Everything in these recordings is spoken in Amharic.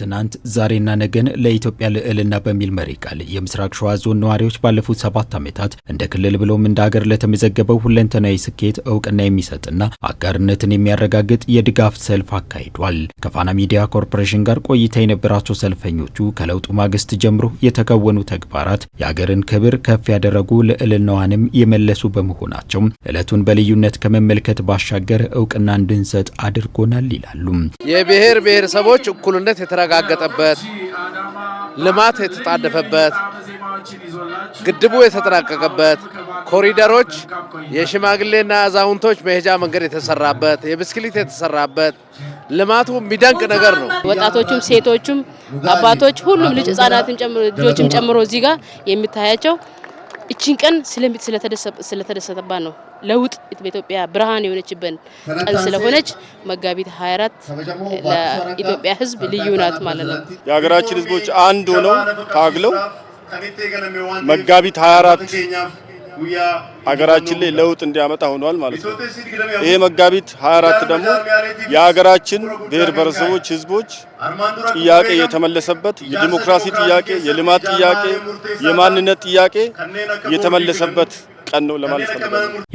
ትናንት ዛሬና ነገን ለኢትዮጵያ ልዕልና በሚል መሪ ቃል የምስራቅ ሸዋ ዞን ነዋሪዎች ባለፉት ሰባት ዓመታት እንደ ክልል ብሎም እንደ አገር ለተመዘገበው ሁለንተናዊ ስኬት እውቅና የሚሰጥና አጋርነትን የሚያረጋግጥ የድጋፍ ሰልፍ አካሂዷል። ከፋና ሚዲያ ኮርፖሬሽን ጋር ቆይታ የነበራቸው ሰልፈኞቹ ከለውጡ ማግስት ጀምሮ የተከወኑ ተግባራት የአገርን ክብር ከፍ ያደረጉ ልዕልናዋንም የመለሱ በመሆናቸው ዕለቱን በልዩነት ከመመልከት ባሻገር እውቅና እንድንሰጥ አድርጎናል ይላሉ። የብሔር ብሔረሰቦች እኩልነት የተራ የተረጋገጠበት ልማት የተጣደፈበት ግድቡ የተጠናቀቀበት ኮሪደሮች የሽማግሌና አዛውንቶች መሄጃ መንገድ የተሰራበት የብስክሊት የተሰራበት ልማቱ የሚደንቅ ነገር ነው። ወጣቶቹም፣ ሴቶቹም፣ አባቶች ሁሉም ልጅ ህጻናትም ልጆችም ጨምሮ እዚህ ጋር የሚታያቸው እቺን ቀን ስለተደሰተባት ነው ለውጥ በኢትዮጵያ ብርሃን የሆነችበት ቀን ስለሆነች መጋቢት 24 ለኢትዮጵያ ሕዝብ ልዩ ናት ማለት ነው። የሀገራችን ሕዝቦች አንድ ሆነው ታግለው መጋቢት 24 ሀገራችን ላይ ለውጥ እንዲያመጣ ሆኗል ማለት ነው። ይሄ መጋቢት 24 ደግሞ የሀገራችን ብሔር ብሔረሰቦች ህዝቦች ጥያቄ የተመለሰበት የዲሞክራሲ ጥያቄ፣ የልማት ጥያቄ፣ የማንነት ጥያቄ የተመለሰበት ቀን ነው ለማለት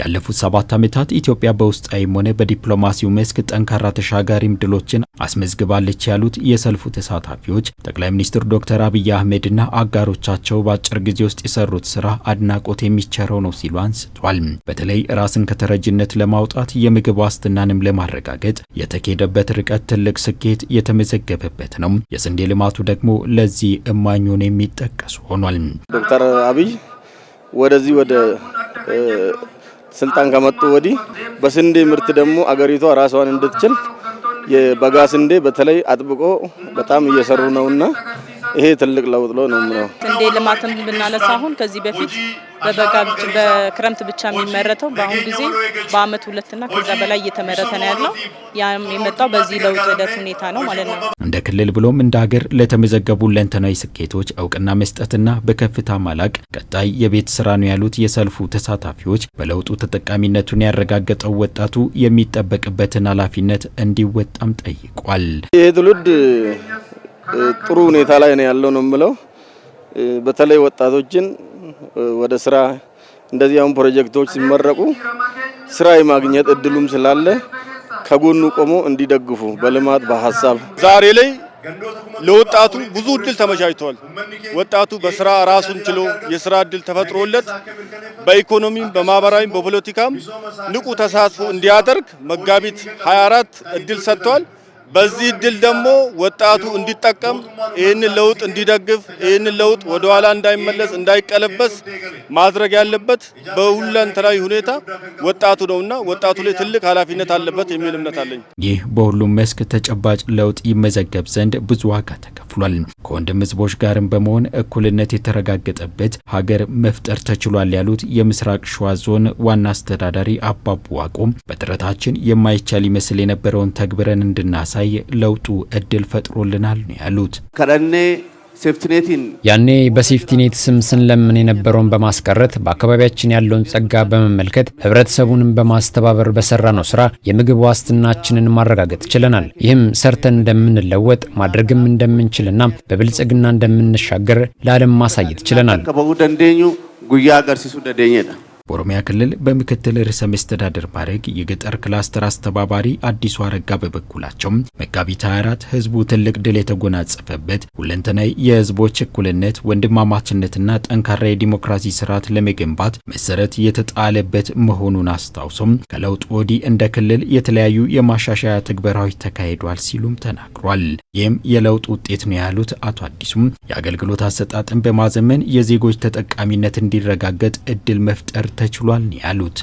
ያለፉት ሰባት ዓመታት ኢትዮጵያ በውስጣዊም ሆነ በዲፕሎማሲው መስክ ጠንካራ ተሻጋሪም ድሎችን አስመዝግባለች ያሉት የሰልፉ ተሳታፊዎች ጠቅላይ ሚኒስትር ዶክተር አብይ አህመድና አጋሮቻቸው በአጭር ጊዜ ውስጥ የሰሩት ስራ አድናቆት የሚቸረው ነው ሲሉ አንስቷል። በተለይ ራስን ከተረጅነት ለማውጣት የምግብ ዋስትናንም ለማረጋገጥ የተኬደበት ርቀት ትልቅ ስኬት የተመዘገበበት ነው። የስንዴ ልማቱ ደግሞ ለዚህ እማኝ ሆኖ የሚጠቀሱ ሆኗል። ዶክተር አብይ ወደዚህ ወደ ስልጣን ከመጡ ወዲህ በስንዴ ምርት ደግሞ አገሪቷ ራሷን እንድትችል የበጋ ስንዴ በተለይ አጥብቆ በጣም እየሰሩ ነውና ይሄ ትልቅ ለውጥ ነው ነው። ስንዴ ልማትን ብናነሳ አሁን ከዚህ በፊት በክረምት ብቻ የሚመረተው በአሁኑ ጊዜ በአመት ሁለትና ከዛ በላይ እየተመረተ ነው ያለው። ያም የመጣው በዚህ ለውጥ ሂደት ሁኔታ ነው ማለት ነው። እንደ ክልል ብሎም እንደ ሀገር ለተመዘገቡ ለንተናዊ ስኬቶች እውቅና መስጠትና በከፍታ ማላቅ ቀጣይ የቤት ስራ ነው ያሉት የሰልፉ ተሳታፊዎች በለውጡ ተጠቃሚነቱን ያረጋገጠው ወጣቱ የሚጠበቅበትን ኃላፊነት እንዲወጣም ጠይቋል። ይህ ትውልድ ጥሩ ሁኔታ ላይ ነው ያለው ነው የምለው በተለይ ወጣቶችን ወደ ስራ እንደዚህ አሁን ፕሮጀክቶች ሲመረቁ ስራ የማግኘት እድሉም ስላለ ከጎኑ ቆሞ እንዲደግፉ በልማት በሀሳብ ዛሬ ላይ ለወጣቱ ብዙ እድል ተመቻችቷል። ወጣቱ በስራ ራሱን ችሎ የስራ እድል ተፈጥሮለት በኢኮኖሚም በማህበራዊም በፖለቲካም ንቁ ተሳትፎ እንዲያደርግ መጋቢት 24 እድል ሰጥቷል። በዚህ እድል ደግሞ ወጣቱ እንዲጠቀም ይህንን ለውጥ እንዲደግፍ ይህንን ለውጥ ወደ ኋላ እንዳይመለስ እንዳይቀለበስ ማድረግ ያለበት በሁለንተናዊ ሁኔታ ወጣቱ ነውና ወጣቱ ላይ ትልቅ ኃላፊነት አለበት የሚል እምነት አለኝ። ይህ በሁሉም መስክ ተጨባጭ ለውጥ ይመዘገብ ዘንድ ብዙ ዋጋ ተከፍሏል። ከወንድም ህዝቦች ጋርም በመሆን እኩልነት የተረጋገጠበት ሀገር መፍጠር ተችሏል ያሉት የምስራቅ ሸዋ ዞን ዋና አስተዳዳሪ አባቡ ዋቆም በጥረታችን የማይቻል ይመስል የነበረውን ተግብረን እንድናስ የሚያሳይ ለውጡ እድል ፈጥሮልናል ነው ያሉት። ከረኔ ያኔ በሴፍቲኔት ስም ስንለምን የነበረውን በማስቀረት በአካባቢያችን ያለውን ጸጋ በመመልከት ህብረተሰቡንም በማስተባበር በሰራነው ስራ የምግብ ዋስትናችንን ማረጋገጥ ችለናል። ይህም ሰርተን እንደምንለወጥ ማድረግም እንደምንችልና በብልጽግና እንደምንሻገር ለዓለም ማሳየት ችለናል። ጉያ ገርሲሱ ደደኘ በኦሮሚያ ክልል በምክትል ርዕሰ መስተዳደር ማዕረግ የገጠር ክላስተር አስተባባሪ አዲሱ አረጋ በበኩላቸው መጋቢት 24 ህዝቡ ትልቅ ድል የተጎናጸፈበት ሁለንተናዊ የህዝቦች እኩልነት፣ ወንድማማችነትና ጠንካራ የዲሞክራሲ ስርዓት ለመገንባት መሰረት የተጣለበት መሆኑን አስታውሶም ከለውጥ ወዲህ እንደ ክልል የተለያዩ የማሻሻያ ትግበራዎች ተካሂዷል ሲሉም ተናግሯል። ይህም የለውጥ ውጤት ነው ያሉት አቶ አዲሱም የአገልግሎት አሰጣጥን በማዘመን የዜጎች ተጠቃሚነት እንዲረጋገጥ እድል መፍጠር ተችሏል ያሉት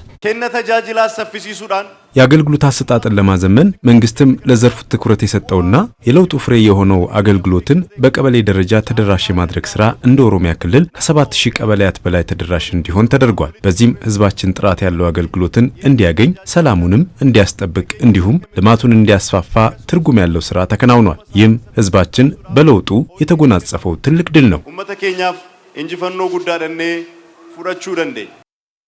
የአገልግሎት አሰጣጥን ለማዘመን መንግስትም ለዘርፉ ትኩረት የሰጠውና የለውጡ ፍሬ የሆነው አገልግሎትን በቀበሌ ደረጃ ተደራሽ የማድረግ ስራ እንደ ኦሮሚያ ክልል ከ7000 ቀበሌያት በላይ ተደራሽ እንዲሆን ተደርጓል። በዚህም ህዝባችን ጥራት ያለው አገልግሎትን እንዲያገኝ፣ ሰላሙንም እንዲያስጠብቅ እንዲሁም ልማቱን እንዲያስፋፋ ትርጉም ያለው ስራ ተከናውኗል። ይህም ህዝባችን በለውጡ የተጎናጸፈው ትልቅ ድል ነው። ኡመተ ኬኛፍ ጉዳ ደኔ ፉዳቹ ደንዴ